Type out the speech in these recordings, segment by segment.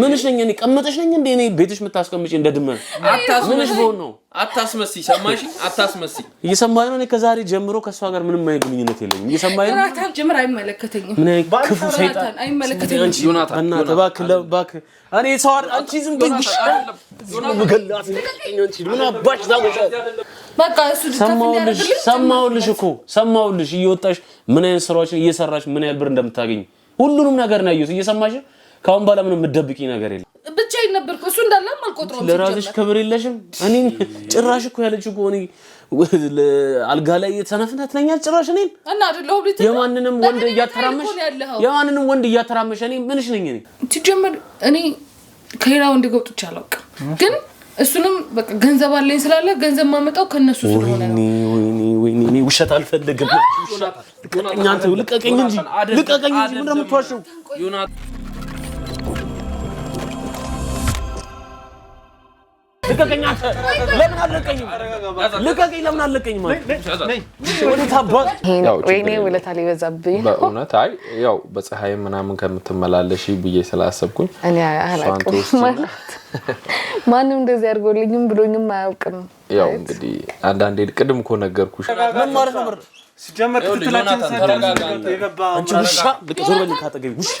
ምንሽ ነኝ እኔ ቀመጠሽ ነኝ እንደ እኔ ቤትሽ የምታስቀምጪ እንደ ድመት ምንሽ ብሆን ነው? አታስመሲ፣ ሰማሽ? አታስመሲ። እየሰማኸኝ ነው? እኔ ከዛሬ ጀምሮ ከእሷ ጋር ምንም አይነት ግንኙነት የለኝም። እየሰማኸኝ ነው? ጀምር። አይመለከተኝም። ምን ክፉ ሰይጣን! በእናትህ እባክህ፣ እባክህ እኔ ሰው አንቺ ዝም ብለሽ ምን አባሽ ዛጎሻ ሰማሁልሽ፣ ሰማሁልሽ እኮ ሰማሁልሽ። እየወጣሽ ምን አይነት ስራዎችን እየሰራሽ ምን ያህል ብር እንደምታገኝ ሁሉንም ነገር ነው ያየሁት። እየሰማሽ ከአሁን በኋላ ምንም የምትደብቂኝ ነገር የለም። ብቻዬን ነበርኩ። እሱ እንዳለ አልቆጥረውም። ለራስሽ ክብር የለሽም። እኔ ጭራሽ እኮ ያለች እኮ እኔ አልጋ ላይ የተነፍነት ነኝ ጭራሽ እኔን እና አይደለሁ የማንንም ወንድ እያተራመሽ የማንንም ወንድ እያተራመሽ እኔ ምንሽ ነኝ? እኔ ትጀምር እኔ ከሌላ ወንድ ገብጥቼ አላውቅም። ግን እሱንም በቃ ገንዘብ አለኝ ስላለ ገንዘብ ማመጣው ከነሱ ስለሆነ ነው። ውሸት አልፈልግም። ልቀቀኝ እንጂ ልቀቀኝ እንጂ ምንድን ነው የምትዋሽው? ልቀቀኝ! ለምን አለቀኝም? ወይኔ ውለታ ሊበዛብኝ በእውነት። አይ ያው በፀሐይ ምናምን ከምትመላለሽ ብዬ ስላሰብኩኝ ማንም እንደዚህ አድርጎልኝም ብሎኝም አያውቅም። ያው እንግዲህ አንዳንዴ ቅድም እኮ ነገርኩሽ። ምን ማለት ነው? ሲጀመር ክትትላችን ሳዳርስ የገባ አንቺ ውሻ በቃ ዞር በል ካጠገቢ ውሻ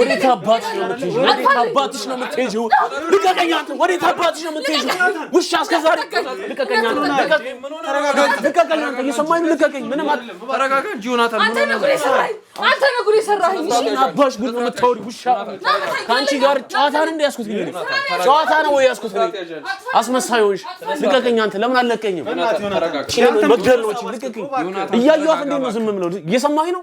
ወዴት አባትሽ ነው የምትሄጂው? ልቀቀኝ! አንተ ወዴት አባትሽ ነው የምትሄጂው? ውሻ እስከ ዛሬ ልቀቀኝ! አንተ ልቀቀኝ! ነው? ልቀቀኝ! ምንም ተረጋጋ እንጂ አንተ ነው አንተ ነው ጉድ የሰራኸኝ! አባሽ ጉድ ነው የምታወሪው? ውሻ ከአንቺ ጋር ጨዋታ ነው እንደ ግን ጨዋታ ነው ወይ ያዝኩት ነው? ልቀቀኝ! አንተ ለምን አለቀኝም? መግደል ነው ልቀቀኝ! እያየኋት እንዴት ነው ዝም የምለው? እየሰማኸኝ ነው?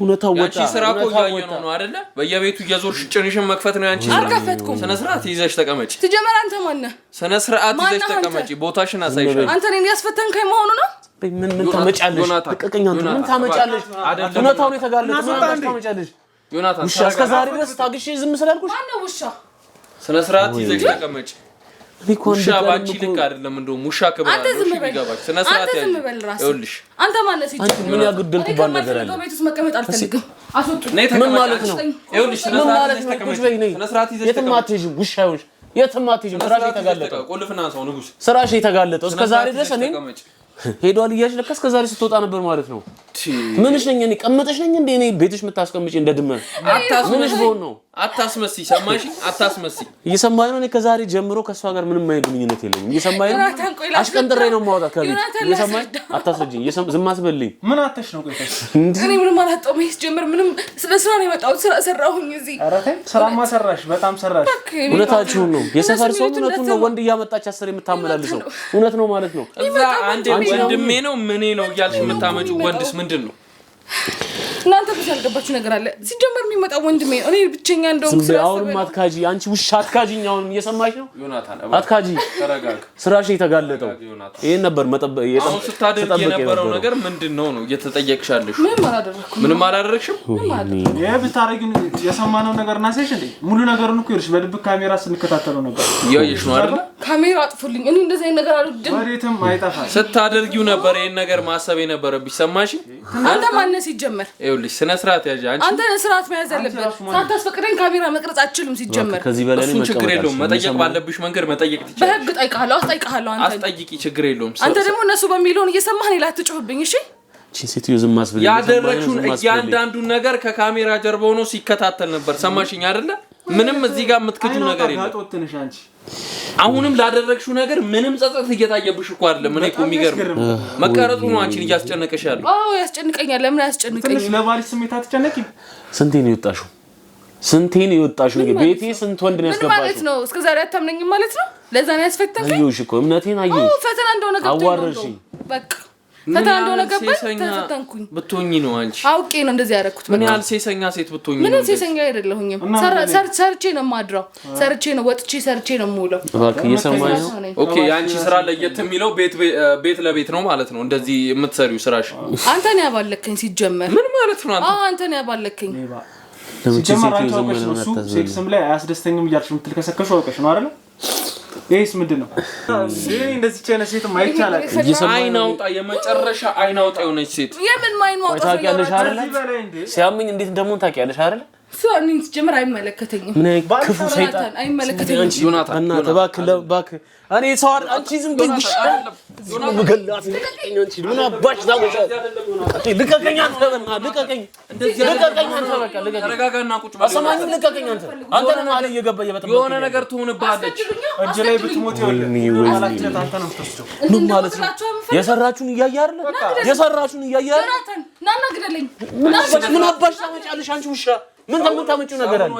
እውነታው በየቤቱ እየዞርሽ ጭንሽን መክፈት ነው ያንቺ ስራ። ስነ ስርዓት ይዘሽ ተቀመጪ። ትጀመር አንተ ማነህ? ስነ ስርዓት ይዘሽ ተቀመጪ። ቦታሽን አሳይሻለሁ። አንተ እኔን ያስፈተንከኝ መሆኑ ነው? ምን ታመጫለሽ? ልቀቀኝ! አንተ ምን ታመጫለሽ? እውነታውን የተጋለጠ ታመጫለሽ። ውሻ እስከ ዛሬ ድረስ ታግሼ ዝም ስላልኩሽ ስነ ስርዓት ይዘሽ ተቀመጪ። ውሻ ባንቺ ልክ አይደለም። እንደውም ውሻ ክብር አንተ ዝም አንተ ማለት ምን ነገር አለ? ቤት ውስጥ መቀመጥ ነው? ስራሽ እስከ ዛሬ ድረስ እኔ ሄዷል እያልሽ ለካ እስከ ዛሬ ስትወጣ ነበር ማለት ነው። ምንሽ ነኝ እኔ? ቀመጠሽ ነኝ እንደ እኔ ቤትሽ የምታስቀምጪ እንደ ድመት ምንሽ በሆን ነው አታስመሲ ሰማሽ? አታስመሲ እየሰማኝ ነው። እኔ ከዛሬ ጀምሮ ከእሷ ጋር ምንም አይነት ግንኙነት የለኝም። እየሰማኝ ነው። አሽቀንጥሬ ነው የማወጣት ከቤት እየሰማኝ። አታስረጅኝ፣ ዝም አትበልኝ። ምን አተሽ ነው? ቆይተሽ እኔ ምንም አላጣሁም። ጀምር ምንም ስለ ስራ ነው የመጣሁት። ስራ ሰራሁኝ እዚህ። ስራማ ሰራሽ፣ በጣም ሰራሽ። እውነታችሁን ነው። የሰፈር ሰው እውነቱን ነው። ወንድ እያመጣች አስር የምታመላልሰው እውነት ነው ማለት ነው። እዛ አንዴ ወንድሜ ነው ምኔ ነው እያልሽ የምታመጪው ወንድስ ምንድን ነው? እናንተ ብዙ ያልገባችሁ ነገር አለ። ሲጀመር የሚመጣው ወንድሜ እኔ ብቸኛ እንደሆንኩ አሁንም አትካጂ፣ አንቺ ውሻ አትካጂ። አሁንም እየሰማሽ ነው አትካጂ። ስራሽ የተጋለጠው ይህን ነበር መጠበቅ። ስታደርግ የነበረው ነገር ምንድን ነው ነው እየተጠየቅሽ ያለሽ? ምንም አላደረግኩም። ምንም አላደረግሽም። ይሄ ብታረጊ የሰማነው ነገር ናሴሽ እንዴ ሙሉ ነገሩን እኮ ይኸውልሽ፣ በድብቅ ካሜራ ስንከታተለው ነበር። ይኸውልሽ ነው አይደል? ካሜራ አጥፉልኝ። እኔ እንደዚህ ነገር አልወድም። ወዴትም አይጠፋም። ስታደርጊው ነበር ይህን ነገር ማሰብ የነበረብሽ። ሰማሽ? አንተ ማነህ ሲጀመር ይኸውልሽ ስነ ስርዓት ያዥ። አንቺ አንተ ነህ ስርዓት መያዝ ያለበት። ሳታስፈቅደኝ ካሜራ መቅረጽ አችልም ሲጀመር ከዚህ በላይ እሱን ችግር የለውም። መጠየቅ ባለብሽ መንገድ መጠየቅ ትችያለሽ። በህግ እጠይቅሃለሁ፣ አስጠይቅሃለሁ። አንተ አስጠይቂ፣ ችግር የለውም። አንተ ደግሞ እነሱ በሚለውን እየሰማህ እኔ ላትጮህብኝ። እሺ ሴትዮ ዝም አስብል። ያደረግሽውን እያንዳንዱን ነገር ከካሜራ ጀርባ ሆኖ ሲከታተል ነበር። ሰማሽኝ አይደለ? ምንም እዚህ ጋር የምትክጁ ነገር የለም። አሁንም ላደረግሽው ነገር ምንም ጸጸት እየታየብሽ እኮ አይደለም። እኔ እኮ የሚገርም መቀረጡ ነው አንቺን እያስጨነቀሽ ያለ። አዎ ያስጨንቀኛል። ለምን ያስጨንቀኝ? ለባልሽ ስሜት አትጨነቂ። ስንቴ ነው የወጣሽው? ስንቴ ነው የወጣሽው? ቤቴ ስንት ወንድ ነው ያስገባሽው? ማለት ነው? እስከ ዛሬ አታምነኝም ማለት ነው። ለዛ ነው ያስፈተንከኝ። አየሁሽ እኮ እምነቴን አየሁሽ። ፈተና እንደሆነ ገብቶኝ ነው። አዋረድሽኝ በቃ ፈተና እንደሆነ ገባኝ። ተፈተንኩኝ ብትሆኝ ነው አንቺ አውቄ ነው እንደዚህ ያደረኩት። ምን ያህል ሴሰኛ ሴት ብትሆኝ። ምንም ሴሰኛ አይደለሁኝም። ሰርቼ ነው የማድረው፣ ሰርቼ ነው ወጥቼ፣ ሰርቼ ነው የምውለው። እየሰማ ነው። ኦኬ፣ የአንቺ ስራ ለየት የሚለው ቤት ለቤት ነው ማለት ነው። እንደዚህ የምትሰሪው ስራሽ። አንተን ያባለከኝ ሲጀመር። ምን ማለት ነው? አንተ አንተን ያባለከኝ ሲጀመር። አንቺ ሴት ሴክስም ላይ አያስደስተኝም እያልሽ የምትልከሰከሹ አውቀሽ ነው አይደለ? ይህስ ምንድን ነው? እንደዚህ አይነት ሴት አይቻላል። አይን አውጣ፣ የመጨረሻ አይን አውጣ የሆነች ሴት ታውቂያለሽ አይደለ? ሲያምኝ እንዴት እንደምሆን ታውቂያለሽ አይደለ? ሲጀምር አይመለከተኝም። ምን ክፉ ሰይጣን የሆነ ነገር ትሆንብሃለች። ምን ማለት ነው? የሰራችሁን እያየህ አይደለ? የሰራችሁን እያየህ አይደለ? ምን አባሽ ታመጫለሽ አንቺ ውሻ ምን የምታመጪው ነገር አለ?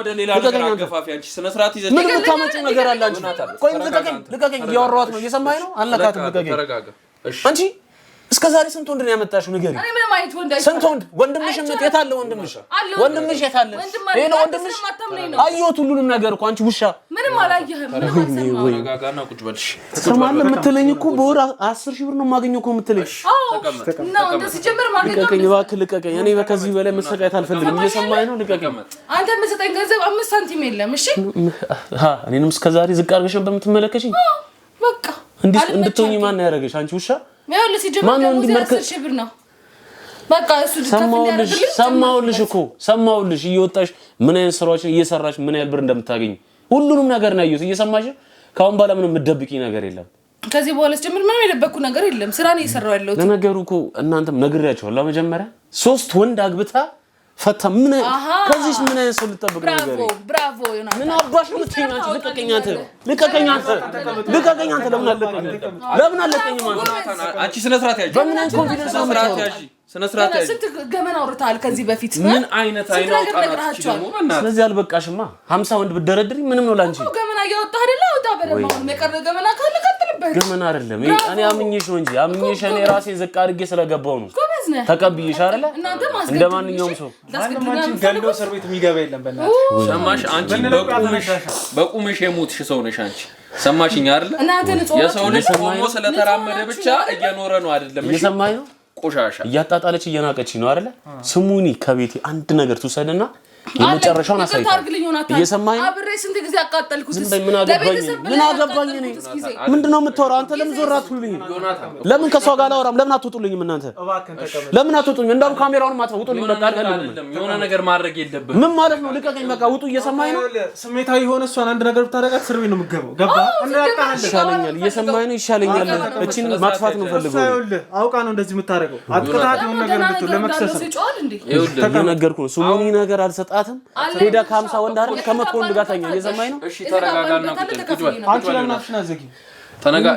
ነገር አለ። ልቀቀኝ! እያወራኋት ነው። እየሰማኸኝ ነው? አልነካትም። ልቀቀኝ! እስከ ዛሬ ስንት ወንድ ነው ያመጣሽው? ንገሪ። ስንት ወንድ ወንድምሽ የት አለ? ወንድምሽ ወንድምሽ የት አለ? ይሄ ነው ወንድምሽ። አየሁት ሁሉንም ነገር እኮ አንቺ ውሻ። ምንም አላየህም። ትሰማለህ? የምትለኝ እኮ በወር አስር ሺህ ብር ነው የማገኘው እኮ የምትለኝ። ልቀቀኝ እባክህ ልቀቀኝ። እኔ ከዚህ በላይ መሰቃየት አልፈልግም። እየሰማኸኝ ነው? ልቀቀኝ። አንተ የምትሰጠኝ ገንዘብ አምስት ሳንቲም የለም። እሺ እኔንም እስከ ዛሬ ዝቅ አድርገሽ በምትመለከሽኝ በቃ እንድትሆኚ ማን ያደረገሽ? አንቺ ውሻ ሰማሁልሽ እኮ ሰማሁልሽ። እየወጣሽ ምን አይነት ስራዎችን እየሰራሽ ምን ያህል ብር እንደምታገኝ ሁሉንም ነገር ነው ያየሁት። እየሰማሽ ከአሁን በኋላ ምንም የምትደብቂ ነገር የለም። ከዚህ በኋላ ምንም የደበቅኩ ነገር የለም። ስራ ነው እየሰራሁ ያለሁት። ለነገሩ እኮ እናንተም ነግሬያቸዋለሁ። መጀመሪያ ሶስት ወንድ አግብታ ፈታ ምን ከዚህ ምን አይነት ሰው ልጠብቅ ነው? ብራቮ ምን አባሽ የምትይኝ ልቀቀኝ አንተ፣ ልቀቀኝ አንተ፣ ልቀቀኝ አንተ። ለምን አለቀኝ? ለምን አለቀኝ? አንቺ ስነ ስርዓት ያዥ። በምን አይነት ኮንፊደንስ ነው ስነ ስርዓት ያዥ። ስንት ገመና አውርተሃል ከዚህ በፊት ምን አይነት አይነ አውቃናችሁ ስለዚህ አልበቃሽማ። 50 ወንድ ብትደረድሪ ምንም ነው ላንቺ። ገመና እያወጣህ አይደለ? አውጣ በደምብ። የቀረ ገመና ካለ ቀጥልበት። ገመና አይደለም እኔ አምኜሽ ነው እንጂ አምኜሽ እኔ ራሴ ዝቅ አድርጌ ስለገባው ነው ተቀብዬሽ አይደለ እንደ ማንኛውም ሰው እስር ቤት የሚገባ የለም። በእናትሽ ሰማሽ? አንቺ በቁምሽ የሞትሽ ሰው ነሽ አንቺ። ሰማሽኝ አይደለ? የሰው ልጅ ቆሞ ስለተራመደ ብቻ እየኖረ ነው አይደለም። ነው። ቆሻሻ እያጣጣለች እየናቀች ነው አይደለ? ስሙኒ ከቤቴ አንድ ነገር ትውሰድና የመጨረሻውን አሳይታል። እየሰማኸኝ ምን አገባኝ እኔ? ምንድን ነው የምታወራው አንተ? ለምን ዞር አትሉልኝ? ለምን ከእሷ ጋር አላወራም? ለምን አትወጡልኝም? እናንተ ለምን አትወጡኝ? እንዳሉ ካሜራውን አጥፋ፣ ውጡልኝ። በቃ የሆነ ነገር ማድረግ የለብህም። ምን ማለት ነው? ልቀቀኝ፣ በቃ ውጡ። እየሰማኸኝ ነው? ስሜታዊ የሆነ እሷን አንድ ነገር ብታደርጋት እስር ቤት ነው የምትገባው። ይሻለኛል፣ እየሰማኸኝ ነው? ይሻለኛል። እችን ማጥፋት ነው ፈልገው። አውቃ ነው እንደዚህ የምታደርገው። አጥቅታት የሆነ ነገር ነገር አልሰጣ አትሰጣትም። ሄዳ ከሀምሳ ወንድ አይደል ከመቶ ወንድ ጋር ተኛ። እየሰማኝ ነው። እሺ ተረጋጋና ቁጭ በል አንቺ ለምን አፍሽን አዘጊ ተነጋ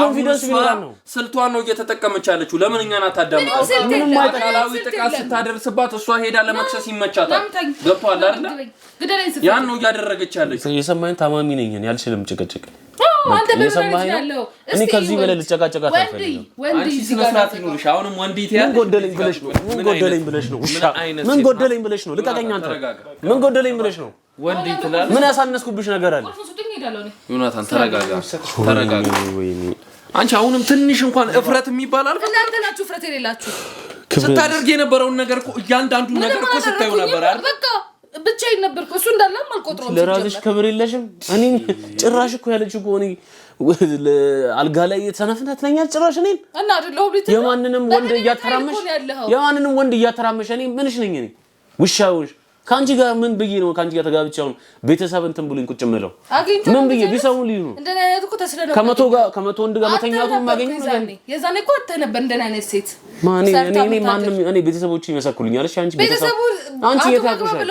ኮንፊደንስ ቢኖር ነው። ስልቷን ነው እየተጠቀመች ያለችው። ለምን እኛ እኛን አታዳምጣ? ምንም አካላዊ ጥቃት ስታደርስባት እሷ ሄዳ ለመክሰስ ይመቻታል። ገብቷል አይደል? ያን ነው እያደረገች ያለች። የሰማኝ ታማሚ ነኝ ያልችልም ጭቅጭቅ። እኔ ከዚህ በላይ ልጨቃጨቃት አልፈልግም። አሁንም ጎደለኝ ብለሽ ነው። ምን ጎደለኝ ብለሽ ነው? ልቀቀኝ አንተ። ምን ጎደለኝ ብለሽ ነው? ወንድ ይትላል። ምን ያሳነስኩብሽ ነገር አለ? ዮናታን ተረጋጋ፣ ተረጋጋ። አንቺ አሁንም ትንሽ እንኳን እፍረት የሚባል አልኩ። እናንተ ናችሁ እፍረት የሌላችሁ። ስታደርግ የነበረውን ነገር እኮ እያንዳንዱ ነገር እኮ ስታዩ ነበር አይደል? በቃ ብቻዬን ነበርኩ። እሱ እንዳለ አልቆጥረውም። ለራስሽ ክብር የለሽም። እኔ ጭራሽ እኮ ያለች እኮ እኔ አልጋ ላይ የተነፍነት ትለኛል። ጭራሽ እኔን እና አይደለሁም የማንንም ወንድ እያተራመሽ የማንንም ወንድ እያተራመሽ እኔ ምንሽ ነኝ እኔ ውሻ ከአንቺ ጋር ምን ብዬ ነው ከአንቺ ጋር ተጋብቼ አሁን ቤተሰብ እንትን ብሎኝ ቁጭ የምለው ምን ብዬ ቢሰሙ ልዩ ነው። ከመቶ ጋር ከመቶ ወንድ ጋር መተኛቱ የማገኘው ነገር የዛኔ እኮ አተ ነበር እንደን አይነት ሴት ማኔ እኔ እኔ ማንም እኔ ቤተሰቦቹ ይመሰክሉኛል። አለሽ አንቺ ቤተሰብ አንቺ የት ያቅሻል?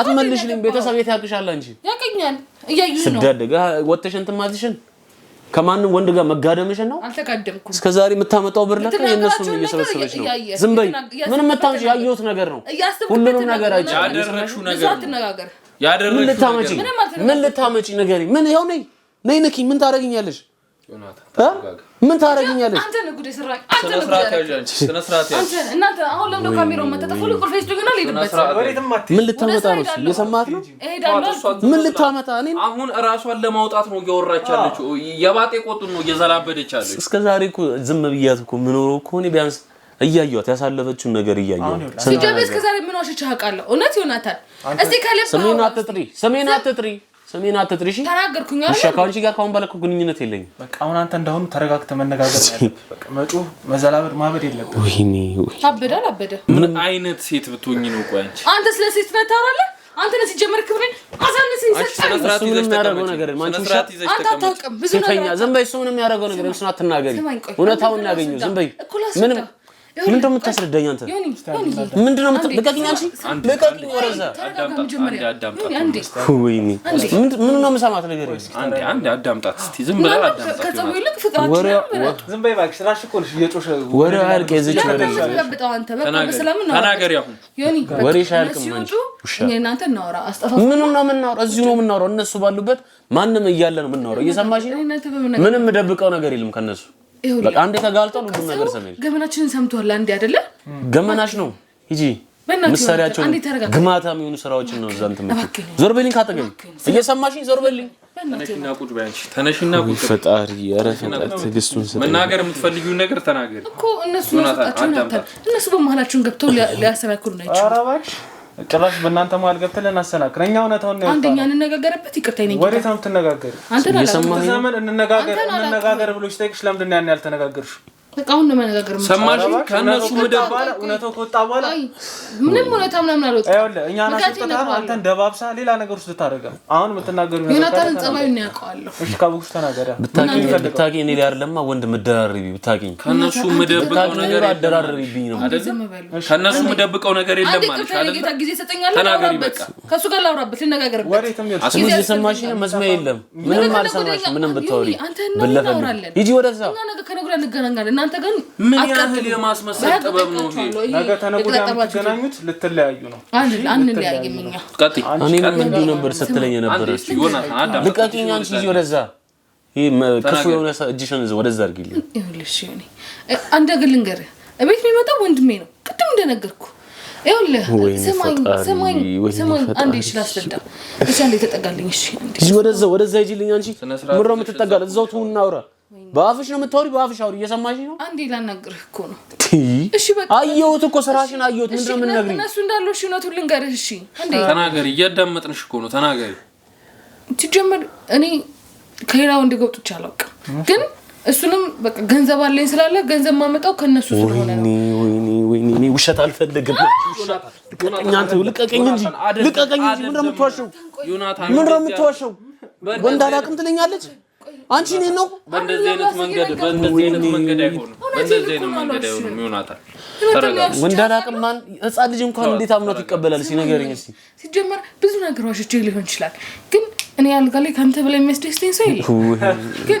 አትመልሽልኝ። ቤተሰብ የት ያቅሻል? አንቺ ያቀኛል እያዩ ነው ስዳደጋ ወጥተሽ እንትን ማለትሽን ከማንም ወንድ ጋር መጋደምሽን ነው። አልተጋደምኩም። እስከ ዛሬ የምታመጣው ብር ለካ የእነሱ እየሰበሰበች ነው። ዝም በይ። ምን የምታመጪ? ያየሁት ነገር ነው። ሁሉንም ነገር አይቼ ምን ልታመጪ? ምን ልታመጪ? ነገር ምን ያው ነይ ነይ፣ ነኪ ምን ታደርጊኛለሽ? ምን ታደርግኛለሽ? አንተ ነው አንተ ነው ስነ አንተ እናንተ አሁን ለምን ምን ልታመጣ ነው? እየሰማት ነው። ምን ልታመጣ እኔ አሁን እራሷን ለማውጣት ነው እያወራች ያለችው። የባጤ ቆጡን ነው እየዘላበደች ያለች። እስከ ዛሬ እኮ ዝም ብያት እኮ የምኖረው እኮ እኔ ቢያንስ እያየኋት ያሳለፈችውን ነገር እያየኋት ሲጀምር እስከ ዛሬ ምን ዋሸች አውቃለሁ። እውነት ይሆናታል። እስኪ ከልብ ስሜን አትጥሪ፣ ስሜን አትጥሪ ስሜን አትጥሪሽ። ተናገርኩኝ አይደል? እሺ ከአንቺ ጋር ካሁን በኋላ እኮ ግንኙነት የለኝም። በቃ አሁን አንተ እንዳሁን ተረጋግተህ መነጋገር ያለብህ። በቃ መጮህ፣ መዘላበድ፣ ማበድ የለብህ። ወይኔ ታበደ አላበደ ምን አይነት ሴት ብትሆኚ ነው? ቆይ አንቺ አንተ ስለ ሴት ነው ታወራለህ? አንተ ነው ሲጀመር ክብሬ አሳንስ ይሰጣል። እሱ ምንም ያደረገው ነገር አንቺ አታውቅም። ብዙ ነገር ዝም በይ። እሱ ምንም ያደረገው ነገር እሱን አትናገሪ። እውነታውን እናገኘው። ዝም በይ ምንም ምንድን ነው የምታስረዳኝ አንተ? ምንድን ነው ልቀቅኝ፣ አንቺ ልቀቅኝ። ወረዛ ወይኔ ምን ነው የምሰማት ነገር? አዳምጣት እስኪ ዝም ብለህ አዳምጣት። እዚሁ ነው የምናወራው፣ እነሱ ባሉበት ማንም እያለ ነው የምናወራው። እየሰማሽ ነው? ምንም ደብቀው ነገር የለም ከነሱ አንዴ ተጋልጧል ሁሉም ነገር ሰሜን ገመናችንን ሰምቷል። አንዴ አይደለ ገመናሽ ነው ሂጂ ምሳሪያቸው ግማታ የሚሆኑ ስራዎችን ነው። እዛን ትምህርት ዞር በልኝ፣ ካጠገብ እየሰማሽኝ ዞር በልኝ። ተነሽና ቁጭ ፈጣሪ ትዕግስቱን መናገር የምትፈልጊውን ነገር ተናገር እኮ እነሱ እነሱ በመሀላችሁን ገብተው ሊያሰናክሉ ናቸው። ጭራሽ በእናንተ መሀል ገብተን ልናሰናክል። እኛ እውነታውን ነው። አንደኛ እንነጋገርበት። ይቅርታ ይነኝ እንነጋገር እንነጋገር ብሎ ሲጠይቅሽ ለምንድን ነው ያን ያልተነጋገርሽው? አሁን ነው መነጋገር የምችለው። ሰማሽ? ከእነሱ ምደባ እውነታው ከወጣ በኋላ ምንም እውነታ ምናምን አልወጣም። ይኸውልህ እኛ አንተን ደባብሳ ሌላ ነገር ውስጥ ልታደርገ አሁን የምትናገሩ ዮናታንን ጸባዩን ያውቀዋለሁ። እሺ ካቦክስ ተናገረ ብታውቂ እኔ ላይ ወንድ ምደራረቢ ብታውቂኝ ከእነሱ ምደብቀው ነገር አደራረቢብኝ ነው ከእነሱ ምደብቀው ነገር የለም ማለት ጊዜ ሰጠኛል። ተናገሪ በቃ ከእሱ ጋር ላውራበት ልነጋገርበት። አስሙዝ የሰማሽ መስሚያ የለም። ምንም አልሰማሽ ምንም ብታወሪ ብለፈ ሂጂ ወደዛ ከነጉራ እንገናኛለን እናንተ ግን ምን ያህል የማስመሰል ጥበብ ነው ይሄ? ነገ ተነገ ወዲያ የምትገናኙት ልትለያዩ ነው። አንለያይም። እኛ እኔም እንዲሁ ነበር ስትለኝ ነበር። ልቀቂኝ አንቺ ልጅ፣ ወደዛ ይሄ ክፉ የሆነ እጅሽን ወደዛ አድርጊልኝ። ይኸውልሽ ይሁን አንድ ግን ልንገርህ፣ እቤት የሚመጣው ወንድሜ ነው። ቅድም እንደነገርኩ ይኸውልህ፣ ስማኝ ስማኝ ስማኝ፣ አንዴ እሺ፣ ላስረዳ ብቻ። እንዴ ተጠጋልኝ። እሺ፣ ወደዛ ወደዛ ሂጂልኝ። አንቺ ምነው የምትጠጋል? እዛው ትሁን እናውራ በአፍሽ ነው የምታወሪ። በአፍሽ አውሪ። እየሰማሽ ነው። አንዴ ላናግርህ እኮ ነው። እሺ በቃ አየሁት እኮ ስራሽን አየሁት። ምንድን ነው የምንነግሪኝ? እነሱ እንዳሉ እሺ፣ እውነቱን ልንገርህ። እሺ ተናገሪ። እያዳመጥንሽ እኮ ነው። ተናገሪ። ትጀምር። እኔ ከሌላ ወንድ ገብቶች አላውቅም፣ ግን እሱንም በቃ ገንዘብ አለኝ ስላለ ገንዘብ ማመጣው ከእነሱ ስለሆነ ነው። ወይኔ ወይኔ ወይኔ! ውሸት አልፈልግም። ልቀቀኝ፣ ልቀቀኝ እንጂ ልቀቀኝ እንጂ። ምንድን ነው የምትዋሸው? ምንድን ነው የምትዋሸው? ወንድ አላውቅም ትለኛለች አንቺ እኔ ነው በእንደዚህ አይነት መንገድ በእንደዚህ አይነት መንገድ አይሆንም። በእንደዚህ አይነት መንገድ አይሆንም። ይሆናታል ወንድ አላውቅም። ማን ሕፃን ልጅ እንኳን እንዴት አምኖት ይቀበላል? እስኪ ንገረኝ እስኪ። ሲጀመር ብዙ ነገር እጅግ ሊሆን ይችላል፣ ግን እኔ አልጋ ላይ ከአንተ በላይ የሚያስደስተኝ ሰው የለም ግን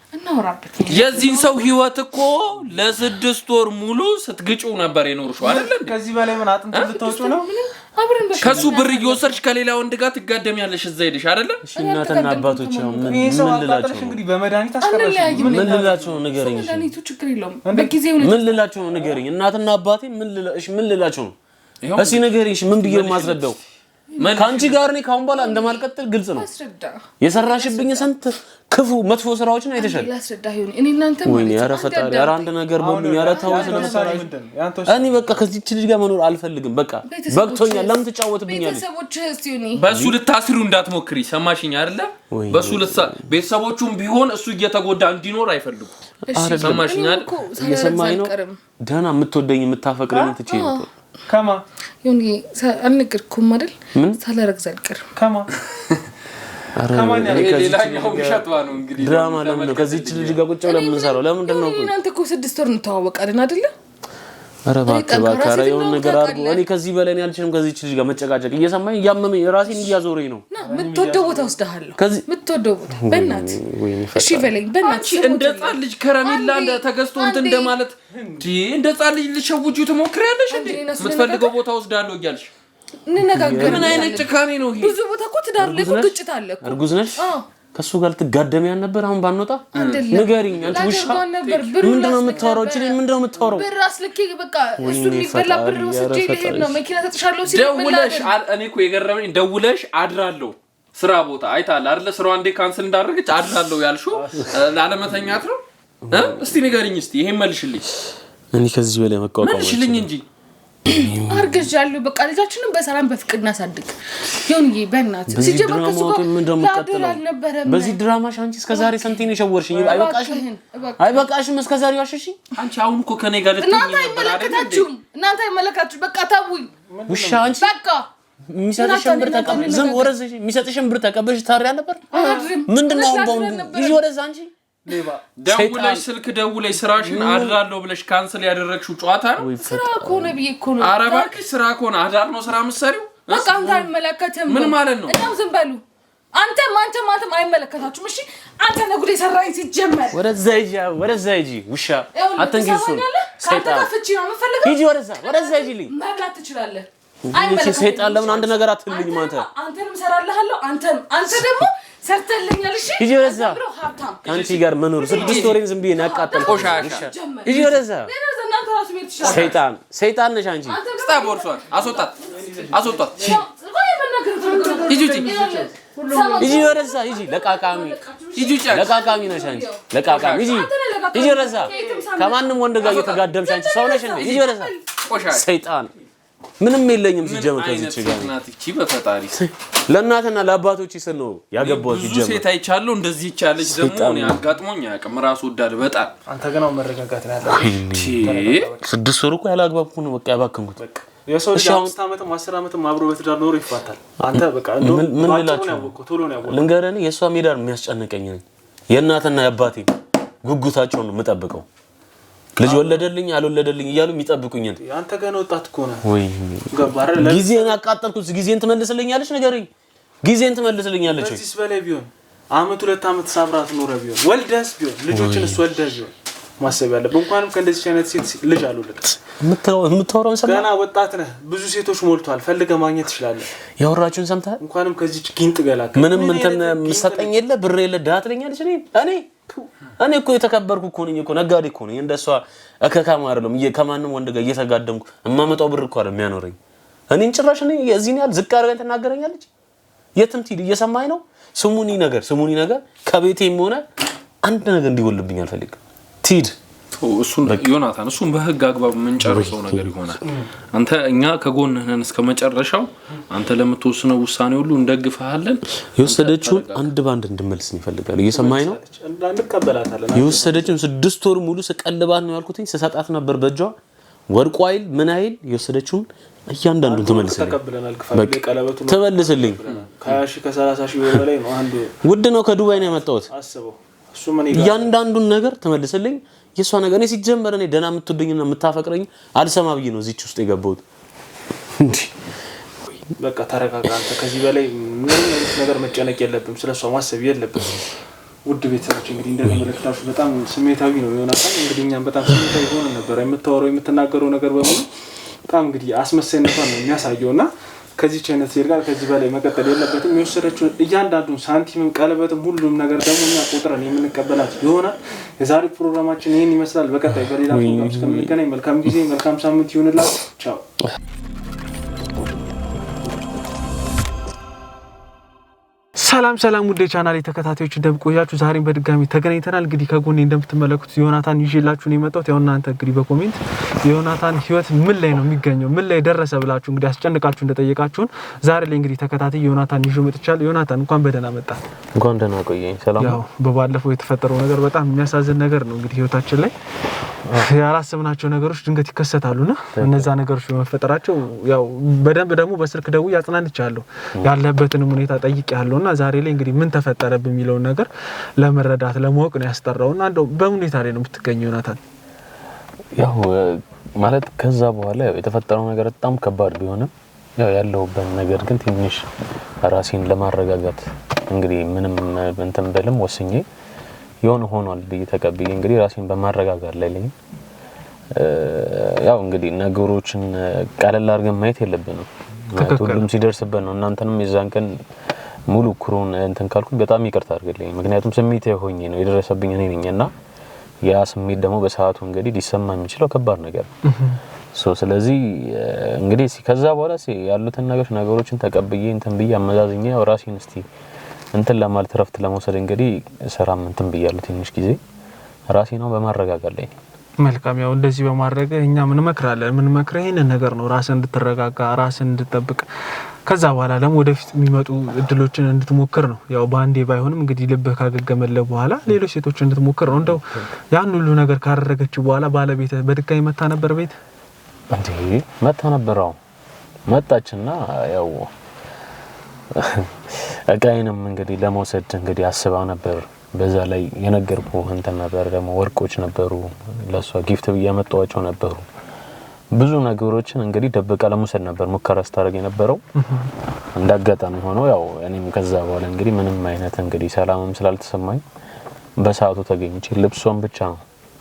እናወራበት። የዚህን ሰው ህይወት እኮ ለስድስት ወር ሙሉ ስትግጩ ነበር የኖርሽው አይደለ? ከዚህ በላይ ምን አጥንት ነው? ከሱ ብር እየወሰድሽ ከሌላ ወንድ ጋር ትጋደሚያለሽ። እዛ ሄደሽ አይደለ? እናትና አባቶች ምን ልላቸው እንግዲህ በመድኃኒት አስቀረሽ። ምን ልላቸው ነው ንገረኝ። ምን ልላቸው ነው ንገረኝ። እናትና አባቴ ምን ልላቸው ነው? እስኪ ንገረኝ። ምን ብዬ ማስረዳው ከአንቺ ጋር እኔ ካሁን በኋላ እንደማልቀጥል ግልጽ ነው። የሰራሽብኝ ስንት ክፉ መጥፎ ስራዎችን አይተሻል። ወይኔ ኧረ ፈጣሪ፣ ኧረ አንድ ነገር በሉኝ። ኧረ ተው ስለመሰራሽ እኔ በቃ ከዚች ልጅ ጋር መኖር አልፈልግም። በቃ በቅቶኛል። ለምን ትጫወትብኛለሽ? በእሱ ልታስሩ እንዳትሞክሪ። ሰማሽኝ አይደለ? በእሱ ቤተሰቦቹም ቢሆን እሱ እየተጎዳ እንዲኖር አይፈልጉም። ሰማሽኝ አይደል? እየሰማኸኝ ነው? ደህና የምትወደኝ የምታፈቅረኝ ትቼ ነበር ከማ ይሁን አልነገርኩም አይደል? ሳላረግዝ አልቀርም። ከማ ድራማ ለምን ነው ከዚህች ልጅ ጋር ቁጭ ብለን የምንሰራው? ለምንድን ነው እናንተ እኮ ስድስት ወር እንተዋወቃለን አይደለ? ኧረ እባክህ እባክህ የሆነ ነገር አድርጎ እኔ ከዚህ በላይ እኔ አልችልም። ከዚህች ልጅ ጋር መጨቃጨቅ እየሰማኝ እያመመኝ ራሴን እያዞረኝ ነው። የምትወደው ቦታ ወስደሃለሁ። የምትወደው ቦታ በእናትህ እሺ በለኝ በእናትህ። እንደ ጻን ልጅ ከረሜላ እንደ ተገዝቶ እንትን እንደ ማለት እንደ ጻን ልጅ ልሸውጂው ትሞክሪያለሽ። እንደ የምትፈልገው ቦታ ወስዳለሁ እያልሽ እንነጋገር። ምን አይነት ጭካኔ ነው ይሄ? ብዙ ቦታ እኮ ትዳር ላይ እኮ ግጭት አለ እኮ። እርጉዝ ነሽ? ከሱ ጋር ልትጋደም ያን ነበር። አሁን ባንወጣ ንገሪኝ። አንተ ውሻ ምንድን ነው የምታወራው? እቺ ልጅ ምንድን ነው የምታወራው? ብር አስልኬ በቃ እሱ የሚበላ ብር ወስጄ ልሄድ ነው። መኪና ተጥሻለሁ ሲል ደውለሽ፣ እኔ እኮ የገረመኝ ደውለሽ አድራለሁ ስራ ቦታ አይታል አይደለ? ስራው አንዴ ካንስል እንዳደረገች አድራለሁ ያልሺው ላለመተኛት ነው። እስቲ ንገሪኝ፣ እስቲ ይሄን መልሽልኝ። እኔ ከዚህ በላይ መቋቋም መልሽልኝ እንጂ ልጅ ያለው በቃ ልጃችንም በሰላም በፍቅር እናሳድግ። ይሁንዬ በእናት ሲጀመር ከእሱ ጋር ላድር አልነበረም። በዚህ ድራማሽ አንቺ እስከ ዛሬ ስንቴን የሸወርሽኝ። አይበቃሽም? እስከዛሬ ዛሬ ዋሸሽኝ። አንቺ አሁን እኮ ከኔ ጋር እናንተ አይመለከታችሁም፣ እናንተ አይመለከታችሁም። በቃ ተውኝ ውሻ አንቺ በቃ የሚሰጥሽን ብር ዝም ወረዝሽ። የሚሰጥሽን ብር ተቀብለሽ ታሪያ ነበር ምንድን ነው አሁን በአሁኑ ይዤ ወደዛ አንቺ ደውለሽ ስልክ ደውለሽ ስራሽን አድራለሁ ብለሽ ካንስል ያደረግሽው ጨዋታ ነው። ስራ ከሆነ ብዬ እኮ ነው። ኧረ እባክሽ ስራ ከሆነ አዳር ነው ስራ የምትሰሪው። በቃ አንተ አይመለከትም። ምን ማለት ነው? እናም ዝም በሉ። አንተም አንተም አንተም አይመለከታችሁም። እሺ አንተ ነህ ጉዴ ሰራኝ። ሲጀመር ወደዛ ሂጂ፣ ወደዛ ሂጂ ውሻ። አትንኪሱ። ከአንተ ጋር ፍቺ ነው የምፈልገው። ሂጂ ወደዛ፣ ወደዛ ሂጂ። ልኝ መብላት ትችላለህ። ሰይጣን ለምን አንድ ነገር አትልኝም? አንተ አንተንም እሰራልሃለሁ። አንተም አንተ ደግሞ ሰርተልኛል። እሺ ወደዛ ጋር መኖር ስድስት ወሬን ዝም ብዬ ነው ወደዛ። ሰይጣን ሰይጣን ነሽ አንቺ። ወደዛ ለቃቃሚ ለቃቃሚ ነሽ አንቺ ለቃቃሚ። ወደዛ። ከማንም ወንድ ጋር እየተጋደምሽ አንቺ ሰው ነሽ እንዴ? ወደዛ ሰይጣን ምንም የለኝም ሲጀምር ከዚች ጋር በፈጣሪ ለእናትና ለአባቶች ስል ነው ያገባው። ሲጀምር ሴት አይቻለሁ እንደዚህ ይቻለች ደግሞ አጋጥሞኝ አያውቅም። ራሱ ወዳድ በጣም አንተ ገና መረጋጋት ነው ያለው። ስድስት ወር እኮ ያለ አግባብ እኮ ነው በቃ ያባክንኩት። የሰው ልጅ አምስት ዓመትም አስር ዓመትም አብሮ በትዳር ኖሮ ይፋታል። አንተ በቃ ምን ልላችሁ ልንገርህ፣ የእሷ ሜዳ የሚያስጨንቀኝ ነኝ። የእናትና የአባቴ ጉጉታቸውን ነው የምጠብቀው ልጅ ወለደልኝ አልወለደልኝ እያሉ የሚጠብቁኝን አንተ ገና ወጣት እኮ ነህ። ጊዜን አቃጠልኩት። ጊዜን ትመልስልኛለች? ንገረኝ። ጊዜን ትመልስልኛለች? ከዚህስ በላይ ቢሆን አመት ሁለት አመት ሳብራት ኖረ ቢሆን ወልደስ ቢሆን ልጆችንስ ወልደ ቢሆን ማሰብ ያለብህ። እንኳንም ከእንደዚህ አይነት ሴት ልጅ አሉልህ። የምታወራውን ገና ወጣት ነህ። ብዙ ሴቶች ሞልቷል። ፈልገህ ማግኘት ትችላለህ። ያወራችሁን ሰምተህ እንኳንም ከዚች ጊንጥ ገላከል። ምንም እንትን የምትሰጠኝ የለ ብር የለ ድሀ ትለኛለች። እኔ እኔ እኔ እኮ የተከበርኩ እኮ ነኝ እኮ ነጋዴ እኮ ነኝ። እንደሷ እከካም አይደለም ከማንም ወንድ ጋር እየተጋደምኩ የማመጣው ብር እኮ አይደለም የሚያኖረኝ። እኔን ጭራሽ እኔ የዚህን ያህል ዝቅ አድርገን ትናገረኛለች። የትም ትሂድ እየሰማኝ ነው። ስሙኒ ነገር ስሙኒ ነገር ከቤቴም ሆነ አንድ ነገር እንዲጎልብኝ አልፈልግም። እሱን ዮናታን እሱን በህግ አግባብ የምንጨርሰው ነገር ይሆናል። አንተ እኛ ከጎንህነን እስከ መጨረሻው። አንተ ለምትወስነው ውሳኔ ሁሉ እንደግፈሃለን። የወሰደችውን አንድ በአንድ እንድመልስን ይፈልጋሉ። እየሰማኝ ነው። የወሰደችውን ስድስት ወር ሙሉ ስቀልባት ነው ያልኩትኝ። ስሰጣት ነበር በእጇ ወርቁ አይል ምን አይል የወሰደችውን እያንዳንዱን ትመልስልኝ። ትመልስልኝ። ውድ ነው። ከዱባይ ነው ያመጣሁት። እያንዳንዱን ነገር ትመልስልኝ። የእሷ ነገር እኔ ሲጀመር እኔ ደህና የምትወደኝና የምታፈቅረኝ አልሰማ ብዬ ነው እዚች ውስጥ የገባሁት። በቃ ተረጋጋ አንተ። ከዚህ በላይ ምንም ነገር መጨነቅ የለብም፣ ስለ እሷ ማሰብ የለብም። ውድ ቤተሰቦች እንግዲህ እንደተመለከታችሁ በጣም ስሜታዊ ነው ዮናታን። እንግዲህ እኛም በጣም ስሜታዊ ሆነ ነበረ። የምታወራው የምትናገረው ነገር በሙሉ በጣም እንግዲህ አስመሳይነቷን ነው የሚያሳየው እና ከዚህ አይነት ሴት ጋር ከዚህ በላይ መቀጠል የለበትም። የወሰደችውን እያንዳንዱን ሳንቲምም፣ ቀለበትም፣ ሁሉም ነገር ደግሞ እኛ ቁጥረን የምንቀበላት ይሆናል። የዛሬ ፕሮግራማችን ይህን ይመስላል። በቀጣይ በሌላ ፕሮግራም እስከምንገናኝ መልካም ጊዜ፣ መልካም ሳምንት ይሁንላችሁ። ቻው ሰላም ሰላም ውድ የቻናል የተከታታዮች እንደምቆያችሁ፣ ዛሬም በድጋሚ ተገናኝተናል። እንግዲህ ከጎኔ እንደምትመለከቱት ዮናታን ይዤላችሁ ነው የመጣሁት። ያው እናንተ እንግዲህ በኮሜንት የዮናታን ህይወት ምን ላይ ነው የሚገኘው ምን ላይ ደረሰ ብላችሁ እንግዲህ አስጨንቃችሁ እንደጠየቃችሁን ዛሬ ላይ እንግዲህ ተከታታይ ዮናታን ይዤ መጥቻለሁ። ዮናታን እንኳን በደህና መጣ። እንኳን ደህና ቆየኝ። ሰላም። ያው በባለፈው የተፈጠረው ነገር በጣም የሚያሳዝን ነገር ነው። እንግዲህ ህይወታችን ላይ ያላሰብናቸው ነገሮች ድንገት ይከሰታሉና እነዛ ነገሮች በመፈጠራቸው ያው በደንብ ደግሞ በስልክ ደውዬ አጽናንቻለሁ። ያለበትንም ሁኔታ ጠይቄያለሁ እና ዛሬ ላይ እንግዲህ ምን ተፈጠረ የሚለውን ነገር ለመረዳት ለማወቅ ነው ያስጠራው። እና እንደው በሁኔታ ላይ ነው የምትገኘው ዮናታን? ያው ማለት ከዛ በኋላ የተፈጠረው ነገር በጣም ከባድ ቢሆንም ያው ያለሁበት ነገር ግን ትንሽ ራሴን ለማረጋጋት እንግዲህ ምንም እንትን ብልም ወስኜ የሆነ ሆኗል ብዬ ተቀብዬ እንግዲህ ራሴን በማረጋጋት ላይ ነኝ። ያው እንግዲህ ነገሮችን ቀለል አድርገን ማየት የለብንም። ሁሉም ሲደርስበት ነው። እናንተንም የዛን ቀን ሙሉ ክሩን እንትን ካልኩት በጣም ይቅርታ አድርግልኝ። ምክንያቱም ስሜት ሆኜ ነው የደረሰብኝ እኔ ነኝ እና ያ ስሜት ደግሞ በሰዓቱ እንግዲህ ሊሰማ የሚችለው ከባድ ነገር ነው። ስለዚህ እንግዲህ ከዛ በኋላ ያሉትን ነገሮች ነገሮችን ተቀብዬ እንትን ብዬ አመዛዝኛ ራሴን እስቲ እንትን ለማለት ረፍት ለመውሰድ እንግዲህ ስራም እንትን ብያለሁ ትንሽ ጊዜ ራሴ ነው በማረጋጋት ላይ መልካም ያው እንደዚህ በማድረግ እኛ ምን መክራለን ምን መክረ ይህንን ነገር ነው ራስን እንድትረጋጋ ራስን እንድትጠብቅ ከዛ በኋላ ደግሞ ወደፊት የሚመጡ እድሎችን እንድትሞክር ነው። ያው በአንዴ ባይሆንም እንግዲህ ልብህ ካገገመለ በኋላ ሌሎች ሴቶች እንድትሞክር ነው። እንደው ያን ሁሉ ነገር ካደረገችው በኋላ ባለቤት በድጋሚ መታ ነበር ቤት እንዴ? መታ ነበረው መጣችና ያው እቃይንም እንግዲህ ለመውሰድ እንግዲህ አስባ ነበር። በዛ ላይ የነገርኩህ እንትን ነበር ደግሞ ወርቆች ነበሩ ለእሷ ጊፍት ብዬ ያመጣኋቸው ነበሩ ብዙ ነገሮችን እንግዲህ ደብቃ ለመውሰድ ነበር ሙከራ ስታደርግ የነበረው። እንዳጋጣሚ ሆነው ያው እኔም ከዛ በኋላ እንግዲህ ምንም አይነት እንግዲህ ሰላምም ስላልተሰማኝ በሰዓቱ ተገኝቼ ልብሷን ብቻ ነው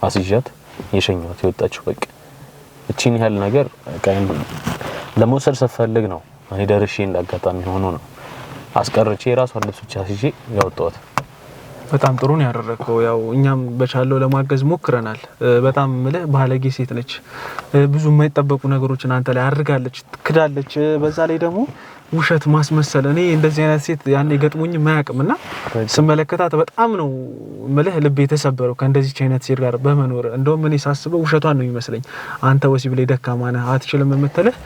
አስይዣት የሸኘኋት የወጣችው። በቃ እቺን ያህል ነገር ቀን ለመውሰድ ስፈልግ ነው እኔ ደርሼ እንዳጋጣሚ ሆኖ ነው አስቀርቼ የራሷን ልብስ ብቻ አስይዤ ያወጣኋት። በጣም ጥሩ ነው ያደረግከው። ያው እኛም በቻለው ለማገዝ ሞክረናል። በጣም ምልህ ባለጌ ሴት ነች። ብዙ የማይጠበቁ ነገሮችን አንተ ላይ አድርጋለች፣ ትክዳለች። በዛ ላይ ደግሞ ውሸት ማስመሰል። እኔ እንደዚህ አይነት ሴት ያኔ ገጥሞኝ ማያውቅም እና ስመለከታት በጣም ነው ምልህ ልብ የተሰበረው ከእንደዚች አይነት ሴት ጋር በመኖር እንደውም እኔ ሳስበው ውሸቷን ነው የሚመስለኝ። አንተ ወሲብ ላይ ደካማ ነህ፣ አትችልም የምትልህ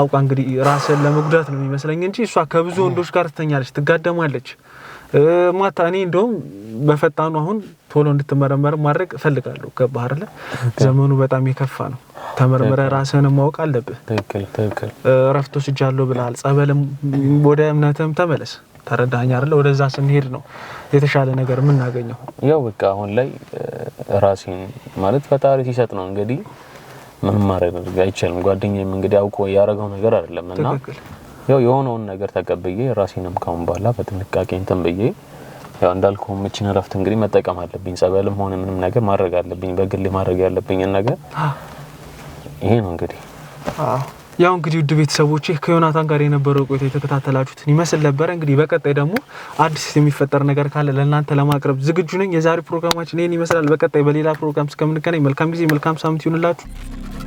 አውቃ እንግዲህ ራስን ለመጉዳት ነው የሚመስለኝ እንጂ እሷ ከብዙ ወንዶች ጋር ትተኛለች፣ ትጋደማለች ማታ እኔ እንደውም በፈጣኑ አሁን ቶሎ እንድትመረመር ማድረግ እፈልጋለሁ። ገባህ አይደለ? ዘመኑ በጣም የከፋ ነው። ተመርምረህ ራስህንም ማወቅ አለብህ። እረፍት ወስጃለሁ ብለሃል። ጸበልም፣ ወደ እምነትም ተመለስ። ተረዳኸኝ አይደለ? ወደዛ ስንሄድ ነው የተሻለ ነገር የምናገኘው። ያው በቃ አሁን ላይ ራሴን ማለት ፈጣሪ ሲሰጥ ነው እንግዲህ ምንም ማድረግ አይቻልም። ጓደኛዬም እንግዲህ አውቆ ያደረገው ነገር አይደለም እና ያው የሆነውን ነገር ተቀብዬ ራሴንም ካሁን በኋላ በጥንቃቄ እንትን ብዬ ያው እንዳልከው ምችን እረፍት እንግዲህ መጠቀም አለብኝ። ጸበልም ሆነ ምንም ነገር ማድረግ አለብኝ። በግል ማድረግ ያለብኝን ነገር ይሄ ነው እንግዲህ። ያው እንግዲህ ውድ ቤተሰቦች ከዮናታን ጋር የነበረው ቆይታ የተከታተላችሁትን ይመስል ነበረ። እንግዲህ በቀጣይ ደግሞ አዲስ የሚፈጠር ነገር ካለ ለእናንተ ለማቅረብ ዝግጁ ነኝ። የዛሬ ፕሮግራማችን ይህን ይመስላል። በቀጣይ በሌላ ፕሮግራም እስከምንገናኝ መልካም ጊዜ፣ መልካም ሳምንት ይሁንላችሁ።